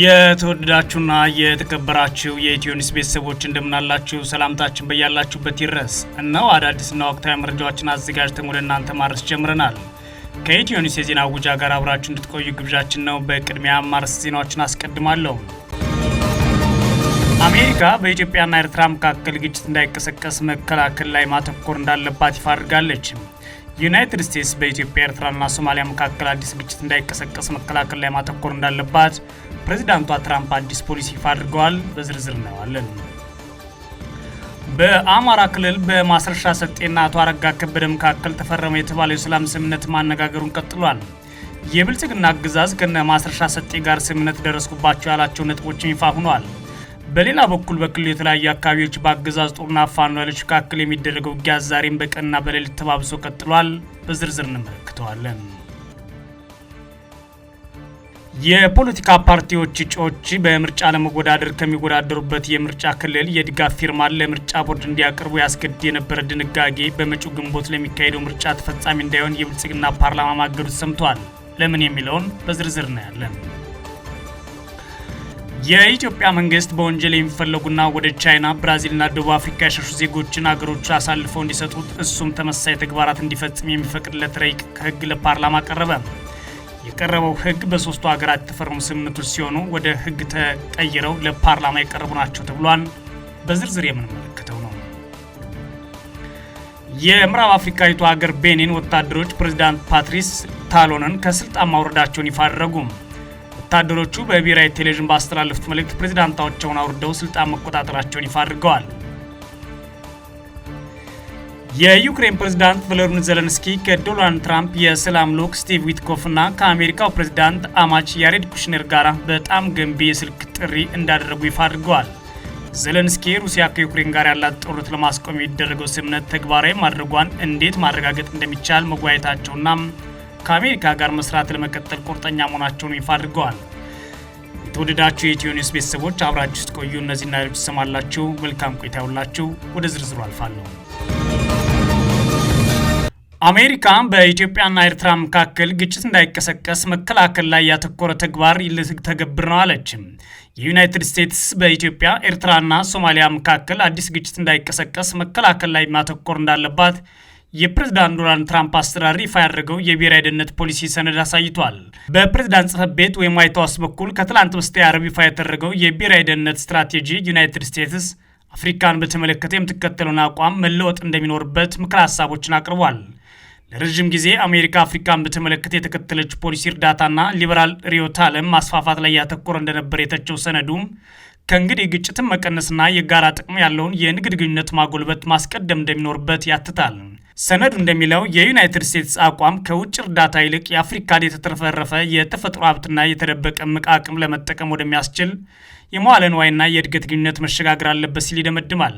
የተወደዳችሁና የተከበራችሁ የኢትዮ ኒውስ ቤተሰቦች እንደምናላችሁ ሰላምታችን በያላችሁበት ይድረስ። እነሆ አዳዲስና ወቅታዊ መረጃዎችን አዘጋጅተን ወደ እናንተ ማድረስ ጀምረናል። ከኢትዮ ኒውስ የዜና ውጃ ጋር አብራችሁ እንድትቆዩ ግብዣችን ነው። በቅድሚያ ማርስ ዜናዎችን አስቀድማለሁ። አሜሪካ በኢትዮጵያና ኤርትራ መካከል ግጭት እንዳይቀሰቀስ መከላከል ላይ ማተኮር እንዳለባት ይፋ አድርጋለች። ዩናይትድ ስቴትስ በኢትዮጵያ ኤርትራና ሶማሊያ መካከል አዲስ ግጭት እንዳይቀሰቀስ መከላከል ላይ ማተኮር እንዳለባት ፕሬዚዳንቷ ትራምፕ አዲስ ፖሊሲ ይፋ አድርገዋል። በዝርዝር እናየዋለን። በአማራ ክልል በማስረሻ ሰጤና አቶ አረጋ ከበደ መካከል ተፈረመ የተባለው የሰላም ስምምነት ማነጋገሩን ቀጥሏል። የብልጽግና አገዛዝ ከነ ማስረሻ ሰጤ ጋር ስምምነት ደረስኩባቸው ያላቸው ነጥቦችን ይፋ ሆኗል። በሌላ በኩል በክልሉ የተለያዩ አካባቢዎች በአገዛዝ ጦርና ፋኖ ኃይሎች መካከል የሚደረገው ውጊያ ዛሬም በቀንና በሌሊት ተባብሶ ቀጥሏል። በዝርዝር እንመለከተዋለን። የፖለቲካ ፓርቲዎች እጩዎች በምርጫ ለመወዳደር ከሚወዳደሩበት የምርጫ ክልል የድጋፍ ፊርማን ለምርጫ ቦርድ እንዲያቀርቡ ያስገድድ የነበረ ድንጋጌ በመጪው ግንቦት ለሚካሄደው ምርጫ ተፈጻሚ እንዳይሆን የብልጽግና ፓርላማ ማገዱ ሰምቷል። ለምን የሚለውን በዝርዝር እናያለን። የኢትዮጵያ መንግስት በወንጀል የሚፈለጉና ወደ ቻይና፣ ብራዚልና ደቡብ አፍሪካ የሸሹ ዜጎችን አገሮቹ አሳልፈው እንዲሰጡት እሱም ተመሳሳይ ተግባራት እንዲፈጽም የሚፈቅድለት ረቂቅ ሕግ ለፓርላማ ቀረበ። የቀረበው ህግ በሶስቱ ሀገራት የተፈረሙ ስምምነቶች ሲሆኑ ወደ ህግ ተቀይረው ለፓርላማ የቀረቡ ናቸው ተብሏል። በዝርዝር የምንመለከተው ነው። የምዕራብ አፍሪካዊቱ ሀገር ቤኒን ወታደሮች ፕሬዚዳንት ፓትሪስ ታሎንን ከስልጣን ማውረዳቸውን ይፋ ወታደሮቹ በብሔራዊ ቴሌቪዥን ባስተላለፉት መልእክት ፕሬዚዳንታቸውን አውርደው ስልጣን መቆጣጠራቸውን ይፋ አድርገዋል። የዩክሬን ፕሬዝዳንት ቮሎዲሚር ዘለንስኪ ከዶናልድ ትራምፕ የሰላም ልዑክ ስቲቭ እና ከአሜሪካው ፕሬዝዳንት አማች ያሬድ ኩሽነር ጋር በጣም ገንቢ የስልክ ጥሪ እንዳደረጉ ይፋ አድርገዋል። ዘለንስኪ ሩሲያ ከዩክሬን ጋር ያላት ጦርነት ለማስቆም የሚደረገው ስምምነት ተግባራዊ ማድረጓን እንዴት ማረጋገጥ እንደሚቻል መወያየታቸውና ከአሜሪካ ጋር መስራት ለመቀጠል ቁርጠኛ መሆናቸውን ይፋ አድርገዋል። የተወደዳችሁ የኢትዮ ኒውስ ቤተሰቦች አብራችሁ ስትቆዩ እነዚህና ሌሎች ትሰማላችሁ። መልካም ቆይታ ይሁንላችሁ። ወደ ዝርዝሩ አልፋለሁ። አሜሪካ በኢትዮጵያና ኤርትራ መካከል ግጭት እንዳይቀሰቀስ መከላከል ላይ ያተኮረ ተግባር ልተገብር ነው አለች። የዩናይትድ ስቴትስ በኢትዮጵያ ኤርትራና ሶማሊያ መካከል አዲስ ግጭት እንዳይቀሰቀስ መከላከል ላይ ማተኮር እንዳለባት የፕሬዝዳንት ዶናልድ ትራምፕ አስተዳደር ይፋ ያደረገው የብሔራዊ ደህንነት ፖሊሲ ሰነድ አሳይቷል። በፕሬዝዳንት ጽሕፈት ቤት ወይም ዋይት ሀውስ በኩል ከትላንት በስቲያ ዓርብ ይፋ የተደረገው የብሔራዊ ደህንነት ስትራቴጂ ዩናይትድ ስቴትስ አፍሪካን በተመለከተ የምትከተለውን አቋም መለወጥ እንደሚኖርበት ምክረ ሀሳቦችን አቅርቧል። ለረዥም ጊዜ አሜሪካ አፍሪካን በተመለከተ የተከተለች ፖሊሲ እርዳታና ሊበራል ርዕዮተ ዓለም ማስፋፋት ላይ ያተኮረ እንደነበር የተቸው ሰነዱ ከእንግዲህ ግጭትን መቀነስና የጋራ ጥቅም ያለውን የንግድ ግንኙነት ማጎልበት ማስቀደም እንደሚኖርበት ያትታል። ሰነዱ እንደሚለው የዩናይትድ ስቴትስ አቋም ከውጭ እርዳታ ይልቅ የአፍሪካን የተትረፈረፈ የተፈጥሮ ሀብትና የተደበቀ እምቅ አቅም ለመጠቀም ወደሚያስችል የመዋለ ንዋይና የእድገት ግንኙነት መሸጋገር አለበት ሲል ይደመድማል።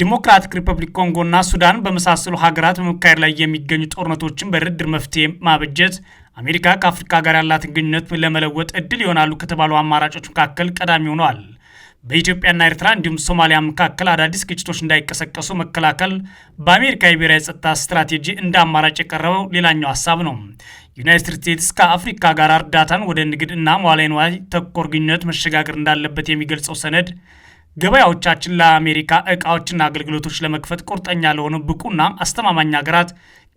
ዲሞክራቲክ ሪፐብሊክ እና ሱዳን በመሳሰሉ ሀገራት በመካሄድ ላይ የሚገኙ ጦርነቶችን በድርድር መፍትሄ ማበጀት አሜሪካ ከአፍሪካ ጋር ያላትን ግንኙነት ለመለወጥ እድል ይሆናሉ ከተባሉ አማራጮች መካከል ቀዳሚ ሆነዋል። በኢትዮጵያና ኤርትራ እንዲሁም ሶማሊያ መካከል አዳዲስ ግጭቶች እንዳይቀሰቀሱ መከላከል በአሜሪካ የብሔራዊ ጸጥታ ስትራቴጂ እንደ አማራጭ የቀረበው ሌላኛው ሀሳብ ነው። ዩናይትድ ስቴትስ ከአፍሪካ ጋር እርዳታን ወደ ንግድ እና መዋዕለ ንዋይ ተኮር ግንኙነት መሸጋገር እንዳለበት የሚገልጸው ሰነድ ገበያዎቻችን ለአሜሪካ እቃዎችና አገልግሎቶች ለመክፈት ቁርጠኛ ለሆኑ ብቁና አስተማማኝ ሀገራት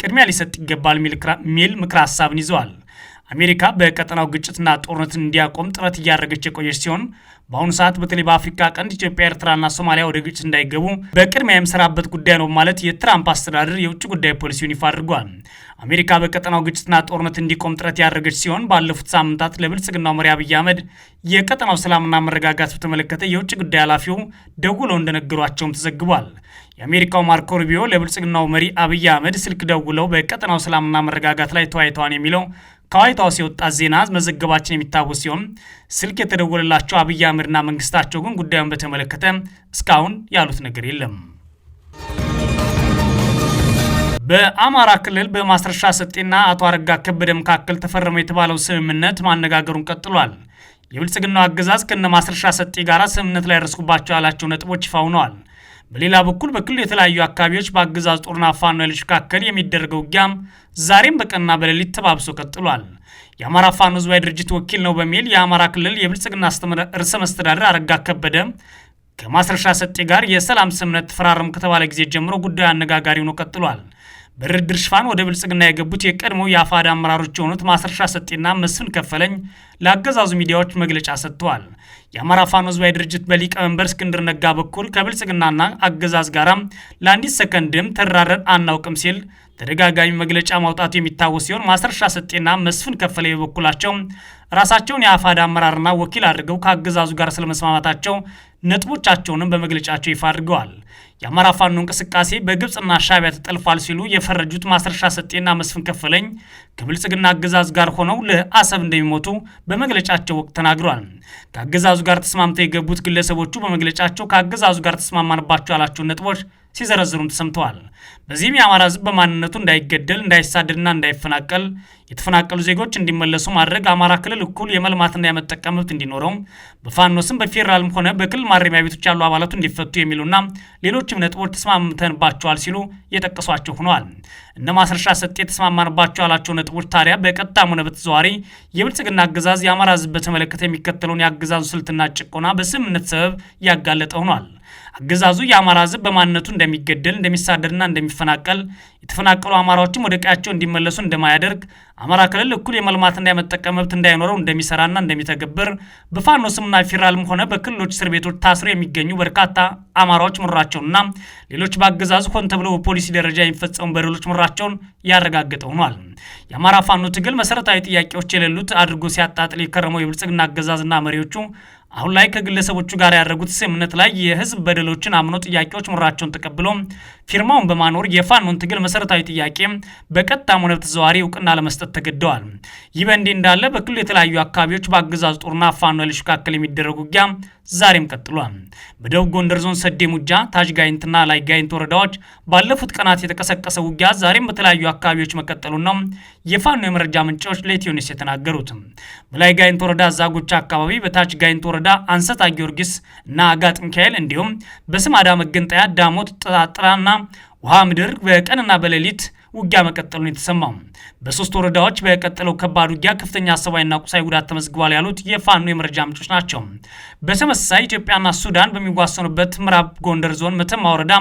ቅድሚያ ሊሰጥ ይገባል ሚል ምክረ ሀሳብን ይዘዋል። አሜሪካ በቀጠናው ግጭትና ጦርነትን እንዲያቆም ጥረት እያደረገች የቆየች ሲሆን በአሁኑ ሰዓት በተለይ በአፍሪካ ቀንድ ኢትዮጵያ፣ ኤርትራና ሶማሊያ ወደ ግጭት እንዳይገቡ በቅድሚያ የምሰራበት ጉዳይ ነው ማለት የትራምፕ አስተዳደር የውጭ ጉዳይ ፖሊሲውን ይፋ አድርጓል። አሜሪካ በቀጠናው ግጭትና ጦርነት እንዲቆም ጥረት ያደረገች ሲሆን ባለፉት ሳምንታት ለብልጽግናው መሪ አብይ አህመድ የቀጠናው ሰላምና መረጋጋት በተመለከተ የውጭ ጉዳይ ኃላፊው ደውለው እንደነገሯቸውም ተዘግቧል። የአሜሪካው ማርኮ ሩቢዮ ለብልጽግናው መሪ አብይ አህመድ ስልክ ደውለው በቀጠናው ሰላምና መረጋጋት ላይ ተወያይተዋል የሚለው ከዋይት ሀውስ ዜና መዘገባችን የሚታወስ ሲሆን ስልክ የተደወለላቸው አብይ አህመድና መንግስታቸው ግን ጉዳዩን በተመለከተ እስካሁን ያሉት ነገር የለም። በአማራ ክልል በማስረሻ ሰጤና አቶ አረጋ ከበደ መካከል ተፈረመ የተባለው ስምምነት ማነጋገሩን ቀጥሏል። የብልጽግናው አገዛዝ ከነ ማስረሻ ሰጤ ጋር ስምምነት ላይ ደረስኩባቸው ያላቸው ነጥቦች ይፋ ሆነዋል። በሌላ በኩል በክልሉ የተለያዩ አካባቢዎች በአገዛዝ ጦርና ፋኖ ኃይሎች መካከል የሚደረገው ውጊያም ዛሬም በቀንና በሌሊት ተባብሶ ቀጥሏል። የአማራ ፋኖ ህዝባዊ ድርጅት ወኪል ነው በሚል የአማራ ክልል የብልጽግና ርዕሰ መስተዳደር አረጋ ከበደ ከማስረሻ ሰጤ ጋር የሰላም ስምነት ተፈራረም ከተባለ ጊዜ ጀምሮ ጉዳዩ አነጋጋሪ ሆኖ ቀጥሏል። በድርድር ሽፋን ወደ ብልጽግና የገቡት የቀድሞ የአፋድ አመራሮች የሆኑት ማስረሻ ሰጤና መስፍን ከፈለኝ ለአገዛዙ ሚዲያዎች መግለጫ ሰጥተዋል። የአማራ ፋኖ ሕዝባዊ ድርጅት በሊቀመንበር እስክንድር ነጋ በኩል ከብልጽግናና አገዛዝ ጋራ ለአንዲት ሰከንድም ተራረን አናውቅም ሲል ተደጋጋሚ መግለጫ ማውጣቱ የሚታወስ ሲሆን ማስረሻ ሰጤና መስፍን ከፈለኝ በበኩላቸው ራሳቸውን የአፋድ አመራርና ወኪል አድርገው ከአገዛዙ ጋር ስለመስማማታቸው ነጥቦቻቸውንም በመግለጫቸው ይፋ አድርገዋል። የአማራ ፋኖ እንቅስቃሴ በግብፅና ሻቢያ ተጠልፏል ሲሉ የፈረጁት ማስረሻ ሰጤና መስፍን ከፈለኝ ከብልጽግና አገዛዝ ጋር ሆነው ለአሰብ እንደሚሞቱ በመግለጫቸው ወቅት ተናግሯል። ከአገዛዙ ጋር ተስማምተው የገቡት ግለሰቦቹ በመግለጫቸው ከአገዛዙ ጋር ተስማማንባቸው ያላቸውን ነጥቦች ሲዘረዝሩም ተሰምተዋል። በዚህም የአማራ ህዝብ በማንነቱ እንዳይገደል እንዳይሳደድና እንዳይፈናቀል የተፈናቀሉ ዜጎች እንዲመለሱ ማድረግ፣ አማራ ክልል እኩል የመልማትና የመጠቀም መብት እንዲኖረው በፋኖ ስም በፌዴራልም ሆነ በክልል ማረሚያ ቤቶች ያሉ አባላቱ እንዲፈቱ የሚሉና ሌሎችም ነጥቦች ተስማምተንባቸዋል ሲሉ የጠቀሷቸው ሆነዋል። እነ ማስረሻ ሰጤ የተስማማንባቸው ያላቸው ነጥቦች ታዲያ በቀጥታም ሆነ በተዘዋዋሪ የብልጽግና አገዛዝ የአማራ ህዝብ በተመለከተ የሚከተለውን የአገዛዙ ስልትና ጭቆና በስምምነት ሰበብ ያጋለጠ ሆኗል። አገዛዙ የአማራ ህዝብ በማንነቱ እንደሚገደል እንደሚሳደድና እንደሚፈናቀል የተፈናቀሉ አማራዎችም ወደ ቀያቸው እንዲመለሱ እንደማያደርግ አማራ ክልል እኩል የመልማትና የመጠቀም መብት እንዳይኖረው እንደሚሰራና እንደሚተገብር በፋኖ ስምና ፌዴራልም ሆነ በክልሎች እስር ቤቶች ታስሮ የሚገኙ በርካታ አማራዎች ምራቸውንና ሌሎች በአገዛዙ ሆን ተብሎ በፖሊሲ ደረጃ የሚፈጸሙ በደሎች ምራቸውን ያረጋገጠ ሆኗል። የአማራ ፋኖ ትግል መሰረታዊ ጥያቄዎች የሌሉት አድርጎ ሲያጣጥል የከረመው የብልጽግና አገዛዝና መሪዎቹ አሁን ላይ ከግለሰቦቹ ጋር ያደረጉት ስምምነት ላይ የህዝብ በደሎችን አምኖ ጥያቄዎች ምራቸውን ተቀብሎ ፊርማውን በማኖር የፋኖን ትግል መሰረታዊ ጥያቄ በቀጥታም ሆነ በተዘዋዋሪ እውቅና ለመስጠት ተገደዋል። ይህ በእንዲህ እንዳለ በክልሉ የተለያዩ አካባቢዎች በአገዛዝ ጦርና ፋኖ ኃይሎች መካከል የሚደረጉ ውጊያ ዛሬም ቀጥሏል። በደቡብ ጎንደር ዞን ሰዴ ሙጃ፣ ታች ጋይንትና ላይ ጋይንት ወረዳዎች ባለፉት ቀናት የተቀሰቀሰ ውጊያ ዛሬም በተለያዩ አካባቢዎች መቀጠሉን ነው የፋኖ የመረጃ ምንጮች ለኢትዮኒስ የተናገሩት። በላይ ጋይንት ወረዳ ዛጎቻ አካባቢ፣ በታች ጋይንት ወረዳ አንሰታ ጊዮርጊስ እና አጋጥ ሚካኤል እንዲሁም በስማዳ መገንጠያ ዳሞት፣ ጥጣጥራና ውሃ ምድር በቀንና በሌሊት ውጊያ መቀጠሉን የተሰማው በሶስት ወረዳዎች በቀጠለው ከባድ ውጊያ ከፍተኛ ሰብአዊና ቁሳዊ ጉዳት ተመዝግቧል ያሉት የፋኖ የመረጃ ምንጮች ናቸው። በተመሳሳይ ኢትዮጵያና ሱዳን በሚዋሰኑበት ምዕራብ ጎንደር ዞን መተማ ወረዳ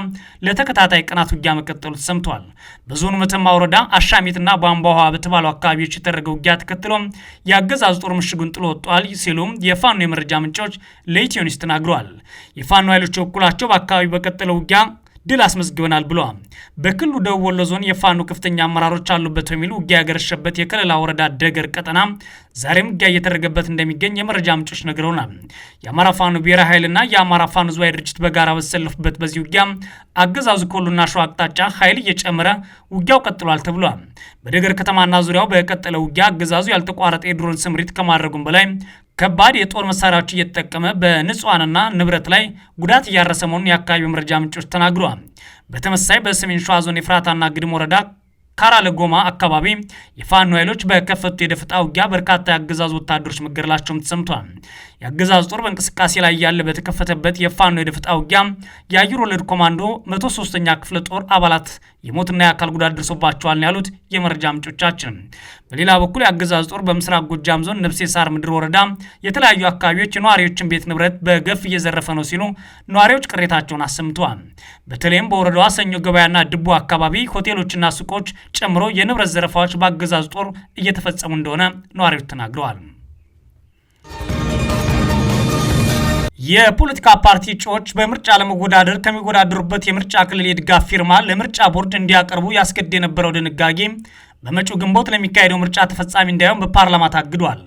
ለተከታታይ ቀናት ውጊያ መቀጠሉ ተሰምቷል። በዞኑ መተማ ወረዳ አሻሚትና ቧንቧ ውሃ በተባሉ አካባቢዎች የተደረገ ውጊያ ተከትሎ የአገዛዙ ጦር ምሽጉን ጥሎ ወጥቷል ሲሉም የፋኖ የመረጃ ምንጮች ለኢትዮኒስ ተናግረዋል። የፋኖ ኃይሎች በኩላቸው በአካባቢው በቀጠለው ውጊያ ድል አስመዝግበናል ብለዋል። በክልሉ ደቡብ ወሎ ዞን የፋኖ ከፍተኛ አመራሮች አሉበት በሚል ውጊያ ያገረሸበት የከለላ ወረዳ ደገር ቀጠና ዛሬም ውጊያ እየተደረገበት እንደሚገኝ የመረጃ ምንጮች ነግረውናል። የአማራ ፋኖ ብሔራዊ ኃይልና የአማራ ፋኖ ዝዋይ ድርጅት በጋራ በተሰለፉበት በዚህ ውጊያ አገዛዙ ከወሎና ሸዋ አቅጣጫ ኃይል እየጨመረ ውጊያው ቀጥሏል ተብሏል። በደገር ከተማና ዙሪያው በቀጠለ ውጊያ አገዛዙ ያልተቋረጠ የድሮን ስምሪት ከማድረጉም በላይ ከባድ የጦር መሳሪያዎች እየተጠቀመ በንጹሐንና ንብረት ላይ ጉዳት እያረሰ መሆኑን የአካባቢው መረጃ ምንጮች ተናግረዋል። በተመሳሳይ በሰሜን ሸዋ ዞን የፍራታና ግድም ወረዳ ካራ ለጎማ አካባቢ የፋኖ ኃይሎች በከፈቱ የደፈጣ ውጊያ በርካታ የአገዛዙ ወታደሮች መገደላቸውም ተሰምቷል። የአገዛዝ ጦር በእንቅስቃሴ ላይ ያለ በተከፈተበት የፋኖ የደፈጣ ውጊያ የአየር ወለድ ኮማንዶ 103ኛ ክፍለ ጦር አባላት የሞትና የአካል ጉዳት ደርሶባቸዋል ያሉት የመረጃ ምንጮቻችን። በሌላ በኩል የአገዛዝ ጦር በምስራቅ ጎጃም ዞን ነብሴ ሳር ምድር ወረዳ የተለያዩ አካባቢዎች የነዋሪዎችን ቤት ንብረት በገፍ እየዘረፈ ነው ሲሉ ነዋሪዎች ቅሬታቸውን አሰምተዋል። በተለይም በወረዳዋ ሰኞ ገበያና ድቦ አካባቢ ሆቴሎችና ሱቆች ጨምሮ የንብረት ዘረፋዎች በአገዛዝ ጦር እየተፈጸሙ እንደሆነ ነዋሪዎች ተናግረዋል። የፖለቲካ ፓርቲ እጩዎች በምርጫ ለመወዳደር ከሚወዳደሩበት የምርጫ ክልል የድጋፍ ፊርማ ለምርጫ ቦርድ እንዲያቀርቡ ያስገድ የነበረው ድንጋጌ በመጪው ግንቦት ለሚካሄደው ምርጫ ተፈጻሚ እንዳይሆን በፓርላማ ታግዷል።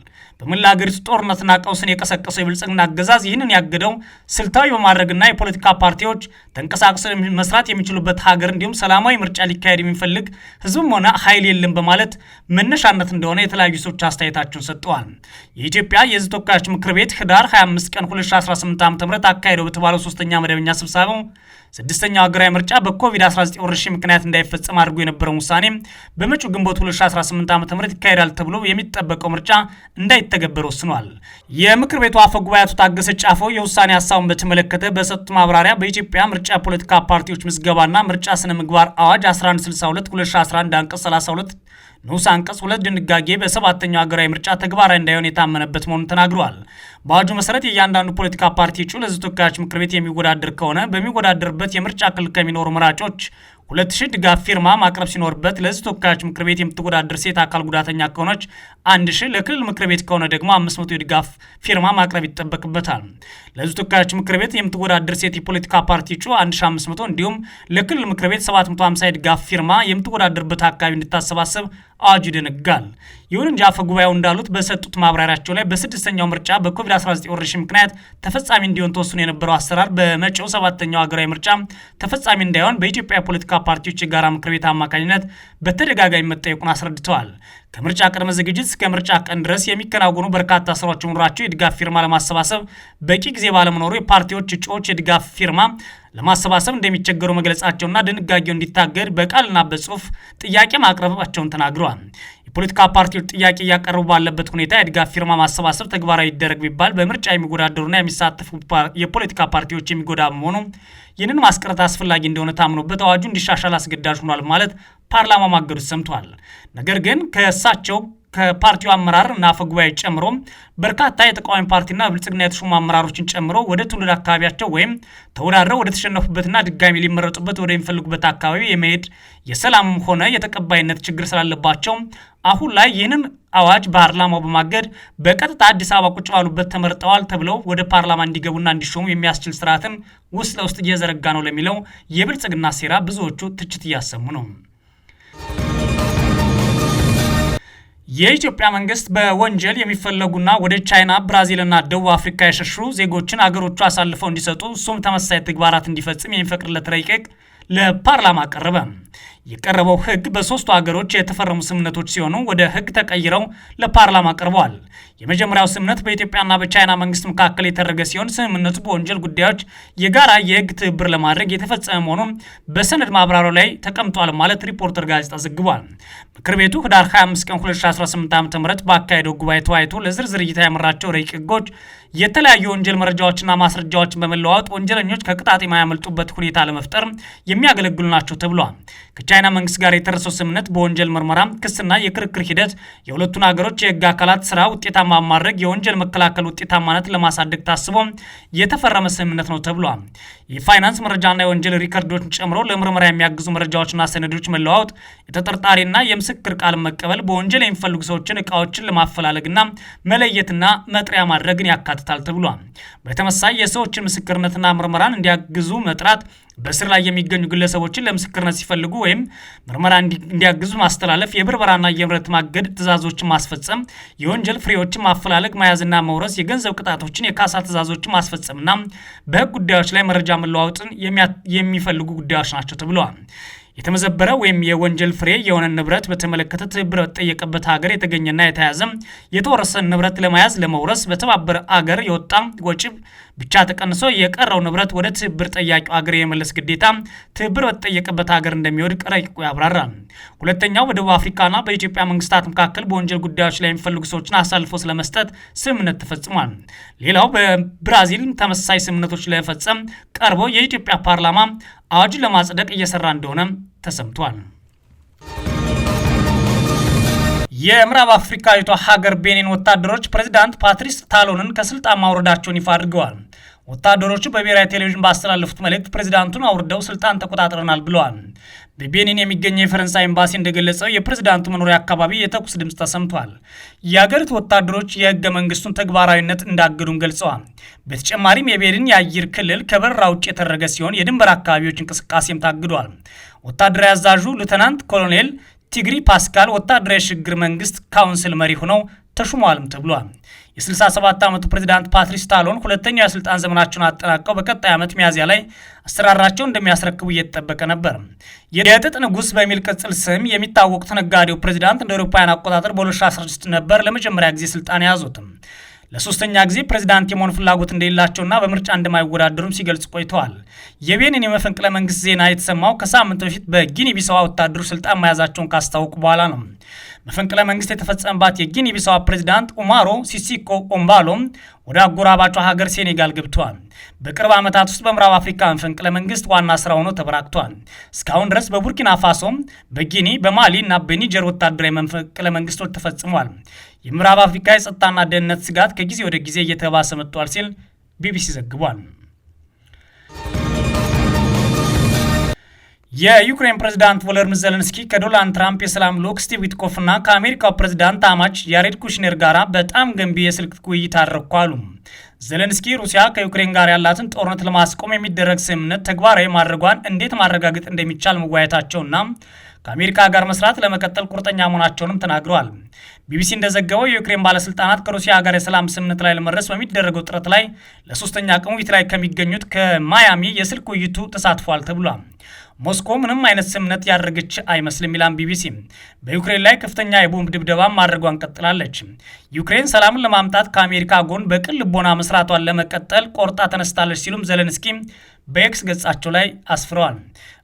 በመላ ሀገሪቱ ጦርነትና ቀውስን የቀሰቀሰው የብልጽግና አገዛዝ ይህንን ያገደው ስልታዊ በማድረግና የፖለቲካ ፓርቲዎች ተንቀሳቅሰው መስራት የሚችሉበት ሀገር እንዲሁም ሰላማዊ ምርጫ ሊካሄድ የሚፈልግ ህዝብም ሆነ ኃይል የለም በማለት መነሻነት እንደሆነ የተለያዩ ሰዎች አስተያየታቸውን ሰጥተዋል። የኢትዮጵያ የህዝብ ተወካዮች ምክር ቤት ህዳር 25 ቀን 2018 ዓ ም አካሄደው በተባለው ሶስተኛ መደበኛ ስብሰባው ስድስተኛው ሀገራዊ ምርጫ በኮቪድ-19 ወረርሽኝ ምክንያት እንዳይፈጸም አድርጎ የነበረውን ውሳኔ በመጪው ግንቦት 2018 ዓ ም ይካሄዳል ተብሎ የሚጠበቀው ምርጫ እንዳይተገበር ወስኗል። የምክር ቤቱ አፈ ጉባኤ አቶ ታገሰ ጫፎ የውሳኔ ሀሳቡን በተመለከተ በሰጡት ማብራሪያ በኢትዮጵያ ምርጫ ፖለቲካ ፓርቲዎች ምዝገባና ምርጫ ስነ ምግባር አዋጅ 1162 2011 አንቀጽ 32 ንዑስ አንቀጽ ሁለት ድንጋጌ በሰባተኛው ሀገራዊ ምርጫ ተግባራዊ እንዳይሆን የታመነበት መሆኑን ተናግረዋል። በአዋጁ መሰረት የእያንዳንዱ ፖለቲካ ፓርቲ እጩ ለሕዝብ ተወካዮች ምክር ቤት የሚወዳደር ከሆነ በሚወዳደርበት የምርጫ ክልል ከሚኖሩ መራጮች ሁለት ሺህ ድጋፍ ፊርማ ማቅረብ ሲኖርበት ለህዝብ ተወካዮች ምክር ቤት የምትወዳደር ሴት አካል ጉዳተኛ ከሆነች አንድ ሺህ ለክልል ምክር ቤት ከሆነ ደግሞ አምስት መቶ የድጋፍ ፊርማ ማቅረብ ይጠበቅበታል። ለህዝብ ተወካዮች ምክር ቤት የምትወዳደር ሴት የፖለቲካ ፓርቲ እጩ መቶ እንዲሁም ለክልል ምክር ቤት 750 የድጋፍ ፊርማ የምትወዳደርበት አካባቢ እንድታሰባሰብ አዋጁ ይደነግጋል። ይሁን እንጂ አፈ ጉባኤው እንዳሉት በሰጡት ማብራሪያቸው ላይ በስድስተኛው ምርጫ በኮቪድ-19 ወረርሽኝ ምክንያት ተፈጻሚ እንዲሆን ተወስኖ የነበረው አሰራር በመጪው ሰባተኛው ሀገራዊ ምርጫ ተፈጻሚ እንዳይሆን በኢትዮጵያ ፖለቲካ የፖለቲካ ፓርቲዎች የጋራ ምክር ቤት አማካኝነት በተደጋጋሚ መጠየቁን አስረድተዋል። ከምርጫ ቅድመ ዝግጅት እስከ ምርጫ ቀን ድረስ የሚከናወኑ በርካታ ስራዎች መኖራቸው የድጋፍ ፊርማ ለማሰባሰብ በቂ ጊዜ ባለመኖሩ የፓርቲዎች እጩዎች የድጋፍ ፊርማ ለማሰባሰብ እንደሚቸገሩ መግለጻቸውና ድንጋጌው እንዲታገድ በቃልና በጽሁፍ ጥያቄ ማቅረባቸውን ተናግረዋል። የፖለቲካ ፓርቲዎች ጥያቄ እያቀረቡ ባለበት ሁኔታ የድጋፍ ፊርማ ማሰባሰብ ተግባራዊ ይደረግ ቢባል በምርጫ የሚወዳደሩና የሚሳተፉ የፖለቲካ ፓርቲዎች የሚጎዳ በመሆኑ ይህንን ማስቀረት አስፈላጊ እንደሆነ ታምኖበት አዋጁ እንዲሻሻል አስገዳጅ ሆኗል ማለት ፓርላማ ማገዱ ሰምቷል። ነገር ግን ከእሳቸው ከፓርቲው አመራር እና ጉባኤ ጨምሮ በርካታ የተቃዋሚ ፓርቲና ብልጽግና የተሾሙ አመራሮችን ጨምሮ ወደ ትውልድ አካባቢያቸው ወይም ተወዳድረው ወደ ተሸነፉበትና ድጋሚ ሊመረጡበት ወደሚፈልጉበት አካባቢ የመሄድ የሰላምም ሆነ የተቀባይነት ችግር ስላለባቸው አሁን ላይ ይህንን አዋጅ ፓርላማው በማገድ በቀጥታ አዲስ አበባ ቁጭ ባሉበት ተመርጠዋል ተብለው ወደ ፓርላማ እንዲገቡና እንዲሾሙ የሚያስችል ስርዓትን ውስጥ ለውስጥ እየዘረጋ ነው ለሚለው የብልጽግና ሴራ ብዙዎቹ ትችት እያሰሙ ነው። የኢትዮጵያ መንግስት በወንጀል የሚፈለጉና ወደ ቻይና፣ ብራዚልና ደቡብ አፍሪካ የሸሹ ዜጎችን አገሮቹ አሳልፈው እንዲሰጡ እሱም ተመሳሳይ ተግባራት እንዲፈጽም የሚፈቅድለት ረቂቅ ለፓርላማ ቀረበ። የቀረበው ህግ በሶስቱ ሀገሮች የተፈረሙ ስምምነቶች ሲሆኑ ወደ ህግ ተቀይረው ለፓርላማ ቀርበዋል። የመጀመሪያው ስምምነት በኢትዮጵያና በቻይና መንግስት መካከል የተደረገ ሲሆን ስምምነቱ በወንጀል ጉዳዮች የጋራ የህግ ትብብር ለማድረግ የተፈጸመ መሆኑን በሰነድ ማብራሪያው ላይ ተቀምጧል ማለት ሪፖርተር ጋዜጣ ዘግቧል። ምክር ቤቱ ህዳር 25 ቀን 2018 ዓ ም በአካሄደው ጉባኤ ተወያይቶ ለዝርዝር እይታ ያመራቸው ረቂቅ ህጎች የተለያዩ ወንጀል መረጃዎችና ማስረጃዎችን በመለዋወጥ ወንጀለኞች ከቅጣት የማያመልጡበት ሁኔታ ለመፍጠር የሚያገለግሉ ናቸው ተብሏል። ከቻይና መንግስት ጋር የተደረሰው ስምምነት በወንጀል ምርመራ ክስና የክርክር ሂደት የሁለቱን ሀገሮች የህግ አካላት ስራ ውጤታማ ማድረግ የወንጀል መከላከል ውጤታማነት ለማሳደግ ታስቦ የተፈረመ ስምምነት ነው ተብሏል። የፋይናንስ መረጃና የወንጀል ሪከርዶችን ጨምሮ ለምርመራ የሚያግዙ መረጃዎችና ሰነዶች መለዋወጥ፣ የተጠርጣሪና የምስክር ቃል መቀበል፣ በወንጀል የሚፈልጉ ሰዎችን እቃዎችን ለማፈላለግና መለየትና መጥሪያ ማድረግን ያካትታል ያካትታል ተብሏል። በተመሳይ የሰዎችን ምስክርነትና ምርመራን እንዲያግዙ መጥራት በእስር ላይ የሚገኙ ግለሰቦችን ለምስክርነት ሲፈልጉ ወይም ምርመራ እንዲያግዙ ማስተላለፍ፣ የብርበራና የምረት ማገድ ትእዛዞችን ማስፈጸም፣ የወንጀል ፍሬዎችን ማፈላለግ፣ መያዝና መውረስ፣ የገንዘብ ቅጣቶችን፣ የካሳ ትእዛዞችን ማስፈጸምና በህግ ጉዳዮች ላይ መረጃ መለዋወጥን የሚፈልጉ ጉዳዮች ናቸው ተብለዋል። የተመዘበረ ወይም የወንጀል ፍሬ የሆነ ንብረት በተመለከተ ትብብር በተጠየቀበት ሀገር የተገኘና የተያዘ የተወረሰ ንብረት ለመያዝ ለመውረስ በተባበረ አገር የወጣ ወጪ ብቻ ተቀንሶ የቀረው ንብረት ወደ ትብብር ጠያቂው አገር የመለስ ግዴታ ትብብር በተጠየቀበት ሀገር እንደሚወድቅ ረቂቁ ያብራራል። ሁለተኛው በደቡብ አፍሪካና በኢትዮጵያ መንግስታት መካከል በወንጀል ጉዳዮች ላይ የሚፈልጉ ሰዎችን አሳልፎ ስለመስጠት ስምምነት ተፈጽሟል። ሌላው በብራዚል ተመሳሳይ ስምምነቶች ለፈጸም ቀርቦ የኢትዮጵያ ፓርላማ አዋጁ ለማጽደቅ እየሰራ እንደሆነ ተሰምቷል። የምዕራብ አፍሪካዊቷ ሀገር ቤኒን ወታደሮች ፕሬዚዳንት ፓትሪስ ታሎንን ከስልጣን ማውረዳቸውን ይፋ አድርገዋል። ወታደሮቹ በብሔራዊ ቴሌቪዥን ባስተላለፉት መልእክት ፕሬዚዳንቱን አውርደው ስልጣን ተቆጣጥረናል ብለዋል። በቤኒን የሚገኘው የፈረንሳይ ኤምባሲ እንደገለጸው የፕሬዝዳንቱ መኖሪያ አካባቢ የተኩስ ድምፅ ተሰምቷል። የአገሪቱ ወታደሮች የህገ መንግስቱን ተግባራዊነት እንዳገዱም ገልጸዋል። በተጨማሪም የቤኒን የአየር ክልል ከበረራ ውጭ የተደረገ ሲሆን የድንበር አካባቢዎች እንቅስቃሴም ታግዷል። ወታደራዊ አዛዡ ሉተናንት ኮሎኔል ቲግሪ ፓስካል ወታደራዊ ሽግግር መንግስት ካውንስል መሪ ሆነው ተሹመዋልም ተብሏል። የ67 ዓመቱ ፕሬዚዳንት ፓትሪስ ታሎን ሁለተኛው የስልጣን ዘመናቸውን አጠናቀው በቀጣይ ዓመት ሚያዝያ ላይ አሰራራቸው እንደሚያስረክቡ እየተጠበቀ ነበር። የጥጥ ንጉሥ በሚል ቅጽል ስም የሚታወቁት ነጋዴው ፕሬዚዳንት እንደ አውሮፓውያን አቆጣጠር በ2016 ነበር ለመጀመሪያ ጊዜ ስልጣን የያዙትም። ለሶስተኛ ጊዜ ፕሬዚዳንት የመሆን ፍላጎት እንደሌላቸውና በምርጫ እንደማይወዳደሩም ሲገልጽ ቆይተዋል። የቤኒን የመፈንቅለ መንግስት ዜና የተሰማው ከሳምንት በፊት በጊኒ ቢሳዋ ስልጣን መያዛቸውን ካስታወቁ በኋላ ነው። መፈንቅለ መንግስት የተፈጸመባት የጊኒ ቢሳዋ ፕሬዚዳንት ኡማሮ ሲሲኮ ኦምባሎ ወደ አጎራባቿ ሀገር ሴኔጋል ገብተዋል። በቅርብ ዓመታት ውስጥ በምዕራብ አፍሪካ መፈንቅለ መንግስት ዋና ስራ ሆኖ ተበራክቷል። እስካሁን ድረስ በቡርኪና ፋሶ፣ በጊኒ፣ በማሊ እና በኒጀር ወታደራዊ መፈንቅለ መንግስቶች ተፈጽሟል። የምዕራብ አፍሪካ የጸጥታና ደህንነት ስጋት ከጊዜ ወደ ጊዜ እየተባሰ መጥቷል ሲል ቢቢሲ ዘግቧል። የዩክሬን ፕሬዝዳንት ቮለድሚር ዘለንስኪ ከዶናልድ ትራምፕ የሰላም ልዑክ ስቲቭ ዊትኮፍ እና ከአሜሪካው ፕሬዝዳንት አማች ያሬድ ኩሽነር ጋር በጣም ገንቢ የስልክ ውይይት አድረግኩ አሉ። ዘለንስኪ ሩሲያ ከዩክሬን ጋር ያላትን ጦርነት ለማስቆም የሚደረግ ስምምነት ተግባራዊ ማድረጓን እንዴት ማረጋገጥ እንደሚቻል መወያየታቸውና ከአሜሪካ ጋር መስራት ለመቀጠል ቁርጠኛ መሆናቸውንም ተናግረዋል። ቢቢሲ እንደዘገበው የዩክሬን ባለስልጣናት ከሩሲያ ጋር የሰላም ስምምነት ላይ ለመድረስ በሚደረገው ጥረት ላይ ለሶስተኛ ቀን ውይይት ላይ ከሚገኙት ከማያሚ የስልክ ውይይቱ ተሳትፏል ተብሏል። ሞስኮ ምንም አይነት ስምነት ያደረገች አይመስልም ይላል ቢቢሲ። በዩክሬን ላይ ከፍተኛ የቦምብ ድብደባ ማድረጓን ቀጥላለች። ዩክሬን ሰላምን ለማምጣት ከአሜሪካ ጎን በቅን ልቦና መስራቷን ለመቀጠል ቆርጣ ተነስታለች ሲሉም ዘለንስኪ በኤክስ ገጻቸው ላይ አስፍረዋል።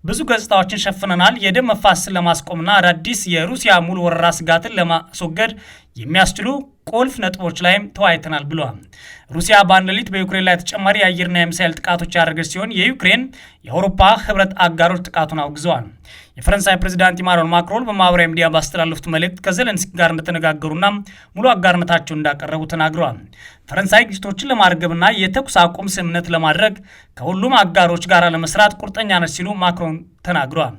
ብዙ ገጽታዎችን ሸፍነናል። የደም መፋሰስን ለማስቆምና አዳዲስ የሩሲያ ሙሉ ወረራ ስጋትን ለማስወገድ የሚያስችሉ ቁልፍ ነጥቦች ላይም ተወያይተናል ብለዋል። ሩሲያ በአንድ ሌሊት በዩክሬን ላይ ተጨማሪ የአየርና የሚሳይል ጥቃቶች ያደረገች ሲሆን የዩክሬን የአውሮፓ ህብረት አጋሮች ጥቃቱን አውግዘዋል። የፈረንሳይ ፕሬዚዳንት ኢማኑኤል ማክሮን በማህበራዊ ሚዲያ ባስተላለፉት መልእክት ከዘለንስኪ ጋር እንደተነጋገሩና ሙሉ አጋርነታቸውን እንዳቀረቡ ተናግረዋል። ፈረንሳይ ግጭቶችን ለማርገብና የተኩስ አቁም ስምምነት ለማድረግ ከሁሉም አጋሮች ጋር ለመስራት ቁርጠኛ ነች ሲሉ ማክሮን ተናግረዋል።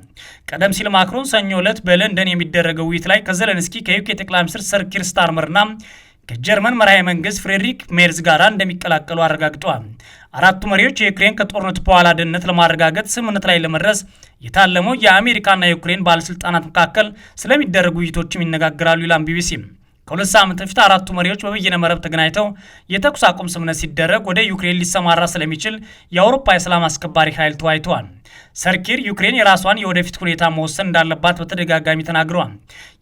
ቀደም ሲል ማክሮን ሰኞ ዕለት በለንደን የሚደረገው ውይይት ላይ ከዘለንስኪ ከዩኬ ጠቅላይ ሚኒስትር ሰር ኪር ስታርመርና ከጀርመን መራሄ መንግስት ፍሬድሪክ ሜርዝ ጋር እንደሚቀላቀሉ አረጋግጠዋል። አራቱ መሪዎች የዩክሬን ከጦርነቱ በኋላ ደህንነት ለማረጋገጥ ስምምነት ላይ ለመድረስ የታለመው የአሜሪካና የዩክሬን ባለስልጣናት መካከል ስለሚደረጉ ውይይቶችም ይነጋገራሉ ይላል ቢቢሲ። ከሁለት ሳምንት በፊት አራቱ መሪዎች በበይነ መረብ ተገናኝተው የተኩስ አቁም ስምነት ሲደረግ ወደ ዩክሬን ሊሰማራ ስለሚችል የአውሮፓ የሰላም አስከባሪ ኃይል ተወያይተዋል። ሰርኪር ዩክሬን የራሷን የወደፊት ሁኔታ መወሰን እንዳለባት በተደጋጋሚ ተናግረዋል።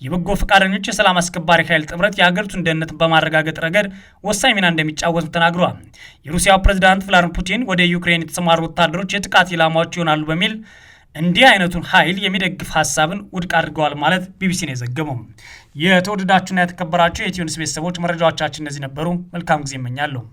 የበጎ ፈቃደኞች የሰላም አስከባሪ ኃይል ጥምረት የሀገሪቱን ደህንነት በማረጋገጥ ረገድ ወሳኝ ሚና እንደሚጫወትም ተናግረዋል። የሩሲያው ፕሬዚዳንት ቭላድሚር ፑቲን ወደ ዩክሬን የተሰማሩ ወታደሮች የጥቃት ኢላማዎች ይሆናሉ በሚል እንዲህ አይነቱን ኃይል የሚደግፍ ሀሳብን ውድቅ አድርገዋል ማለት ቢቢሲ ነው የዘገበው። የተወደዳችሁና የተከበራችሁ የኢትዮ ኒውስ ቤተሰቦች መረጃዎቻችን እነዚህ ነበሩ። መልካም ጊዜ እመኛለሁ።